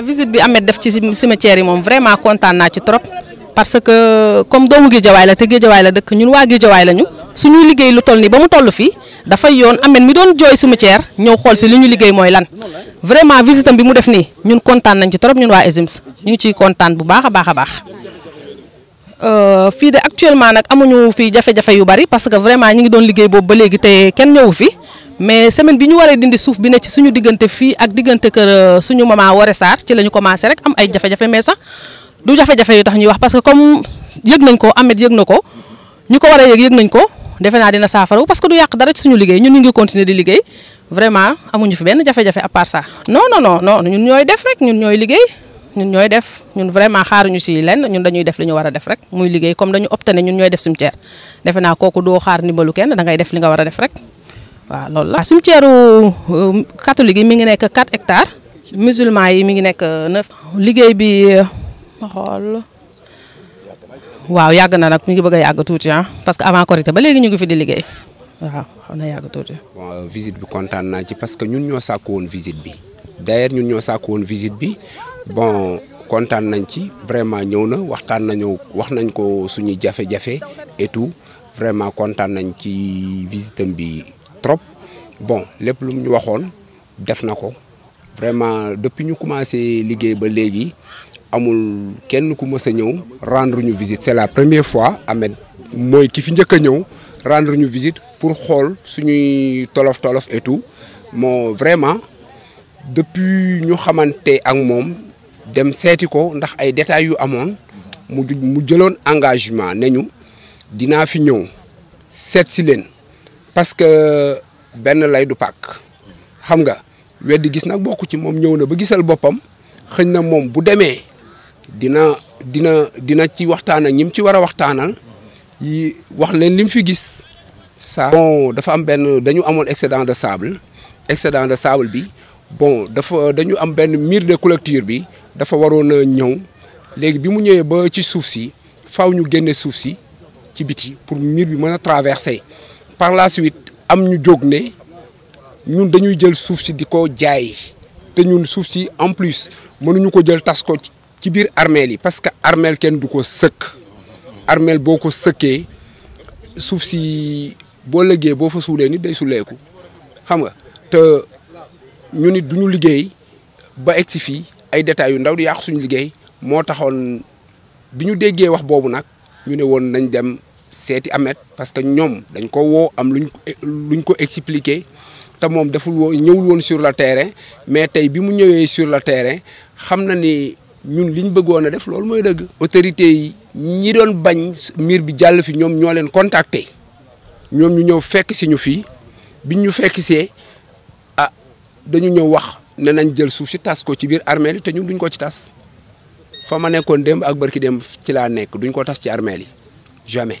ah visite bi Ameth def ci cimetière yi moom vraiment kontaan naa ci trop parce que comme doomu Géejawaay la te Géejawaay la dëkk ñun waa Géejawaay lañu suñuy liggéey lu toll nii ba mu toll fii dafay yoon Ameth mi doon jooy cimetière ñëw xool si li ñu liggéey mooy lan vraiment visitam bi mu def nii ñun kontaan nañ ci trop ñun waa ESIMS ñu ngi ciy kontaan bu baax a baax a baax. Euh, fii de actuellement nag amuñu fii jafe-jafe yu bari parce que vraiment ñu ngi doon liggéey boobu ba léegi te kenn ñëwu fi mais semaine bi ñu waré dindi souf bi ne ci suñu digënté fi ak digënté kër euh, suñu mama waré sar ci lañu commencé rek am ay jafé jafé mais sax du jafé jafé yu tax ñuy wax parce que comme yëg nañ ko amet yëg nako ñuko waré yëg yëg nañ ko défé na dina safaru parce que du yaq dara ci suñu liggéey ñun ñu ngi continuer di liggéey vraiment amuñu fi benn jafé jafé à part ça non non non non ñun ñoy def rek ñun ñoy liggéey ñun ñoy def ñun vraiment xaaruñu ci lenn ñun dañuy def li ñu war a def rek muy liggéey comme dañu opté ñun ñoy def cimetière defe naa kooku doo xaar ndimbalu kenn da ngay def li nga war def rek waaw loolu la cimetière euh, catholique yi mi ngi nekk 4 hectares musulman yi mi ngi nekk liggéey bi ma xool waaw yàgg na nag mi ngi bëgg a yàgg tuuti ah parce que avant Korité ba léegi ñu ngi fi di liggéey waaw na yàgg tuuti. bon visite bi kontaan naa ci parce que ñun ñoo sàkku woon visite bi d'ailleurs ñun ñoo sàkku woon visite bi bon kontaan nañ ci vraiment ñëw na waxtaan nañu wax nañ ko suñuy jafe-jafe et tout vraiment kontaan nañ ci bi. trop bon lépp lu mu ñu waxoon vraiment depuis ñu commencé liggéey ba léegi amul kenn ku mës ñëw rendre ñu visite c'est la première fois Ahmed moi ki fi njëkk ñëw rendre ñu visite pour xool suñuy tolof tolof et tout moo vraiment depuis ñu xamante ak moom dem seeti ko ndax ay détails yu amone mu mu jëlone engagement ne dina fi ñëw seet si parce que benn lay du pàkk xam nga weddi gis nag bokku ci moom ñëw na ba gisal boppam xëñ na moom bu demee dina dina dina ci waxtaan ak ñi mu ci war a waxtaanal yi wax leen li fi gis ça bon dafa am benn dañu amoon excédent de sable excédent de sable bi bon dafa dañu am benn mur de clôture bi dafa waroon a ñëw léegi bi mu ñëwee ba ci suuf si faw ñu génne suuf si ci biti pour mur bi mën a traverser par la suite am ñu jóg ne ñun dañuy jël suuf si di ko jaay te ñun suuf si en plus mënuñu ko jël tas ko ci biir armeel yi parce que armeel kenn du ko sëkk armeel boo ko sëkkee suuf si boo lëggee boo fa suulee nit day suuleeku xam nga te ñu nit duñu liggéey ba egg si fii ay détails yu ndaw di yàq suñu liggéey moo taxoon bi ñu déggee wax boobu nag ñu ne woon nañ dem seeti Ameth parce que ñoom dañ ko woo am lu ñu ko expliquer te moom deful woo ñëwul woon sur le terrain mais tey bi mu ñëwee sur le terrain xam na ni ñun liñ bëggoon a def loolu mooy dëgg. autorités yi ñi doon bañ miir bi jàll fi ñoom ñoo leen contacter ñoom ñu ñëw fekk si ñu fii biñ ñu fekk see ah dañu ñëw wax ne nañ jël suuf si tas ko ci biir armeel yi te ñun duñ ko ci tas fa ma nekkoon dem ak barki dem ci laa nekk duñ ko tas ci armeel yi jamais.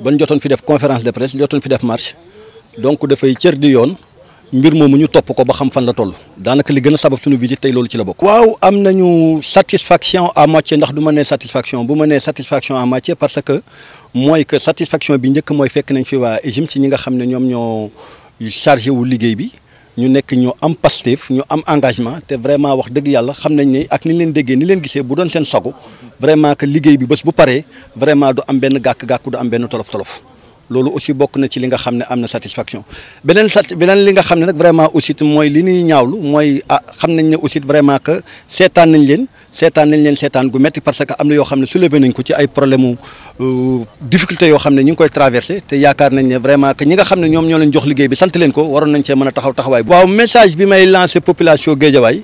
ban jotone fi def conférence de presse jotone fi def marche donc da fay cër di yoon mbir momu ñu top ko ba xam fan la toll danaka li gëna sabab suñu visite tay lolu ci la bok waaw am nañu satisfaction à moitié ndax duma né satisfaction bu ma nee satisfaction à moitié parce que mooy que satisfaction bi ñëk moy fekk nañ fi wa EGIM ci ñi nga xam ne ñoom ñoo chargé wu liggéey bi ñu nekk ñu am Pastef ñu am engagement te vraiment wax deug yalla xam nañ ne ak ni leen déggé ni leen gissé bu doon sen sago vraiment que liggéey bi bés bu paré vraiment du am ben gak gak du am ben tolof-tolof loolu aussi bokk na ci li nga xam ne am na satisfaction beneen sat beneen li nga xam ne nag vraiment aussi mooy li ñuy ñaawlu mooy ah xam nañ ne aussi vraiment que seetaan nañ leen seetaan nañ leen seetaan gu métti parce que am na yoo xam ne soulevé nañ ko ci ay problème mu euh, difficulté yoo xam ne ñu ngi koy traversé te yaakaar vraiment que ñi nga xam ne ñoom ñoo leen jox liggéey bi sant leen ko waroon nañ cee mën a taxaw taxawaay waaw message bi may lancé a Guédiawaye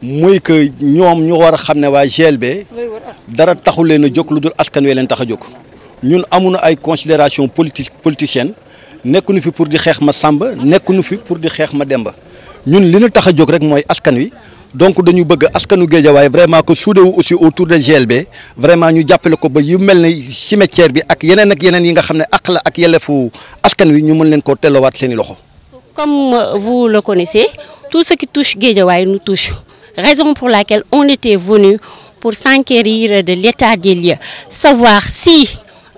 muy que ñoom ñu war a xam ne waa GLB dara taxu leen a jóg lu dul askan wi leen tax jóg ñun amuñu ay considération politique politicienne nekkunu fi pour di xex ma Samba nekkunu fi pour di xex ma Demba ñun li ñu tax a rek moy askan wi donc dañu bëgg askanu Géejawaay vraiment que soudé wu aussi autour de GLB vraiment ñu jàppale ko ba yu melni cimetière bi ak yenen ak yenen yi nga xamné akla ak yelefu askan wi ñu mën leen ko telloowaat wat seeni loxo. Comme vous le connaissez, tout ce qui touche Guédiawaï nous touche. Raison pour laquelle on était venu pour s'enquérir de l'état des lieux, savoir si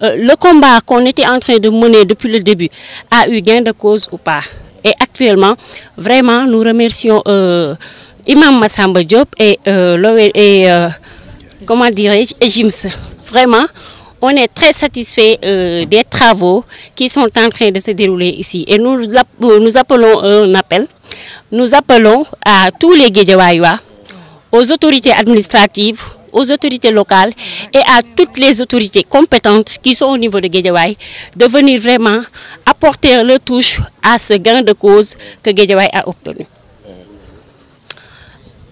euh, le combat qu'on était en train de mener depuis le début a eu gain de cause ou pas. Et actuellement, vraiment, nous remercions euh, Imam Massamba Diop et, euh, comment je Jims. Vraiment, on est très satisfait des travaux qui sont en train de se dérouler ici. Et nous, nous appelons un appel. Nous appelons à tous les Guédiawaïwa, aux autorités administratives, aux autorités locales et à toutes les autorités compétentes qui sont au niveau de Guédiawaye de venir vraiment apporter le touche à ce gain de cause que Guédiawaye a obtenu.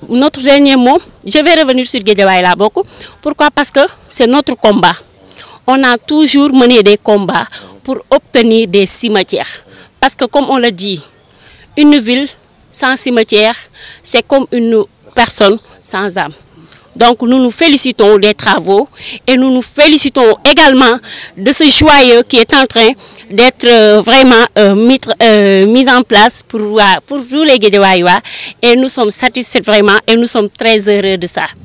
Notre dernier mot, je vais revenir sur Guédiawaye là beaucoup. Pourquoi Parce que c'est notre combat. On a toujours mené des combats pour obtenir des cimetières. Parce que comme on le dit, une ville sans cimetière, c'est comme une personne sans âme. Donc nous nous félicitons des travaux et nous nous félicitons également de ce joyeux qui est en train d'être euh, vraiment euh, euh, mis, en place pour, pour tous les Guédéwaïwa. Et nous sommes satisfaits vraiment et nous sommes très heureux de ça.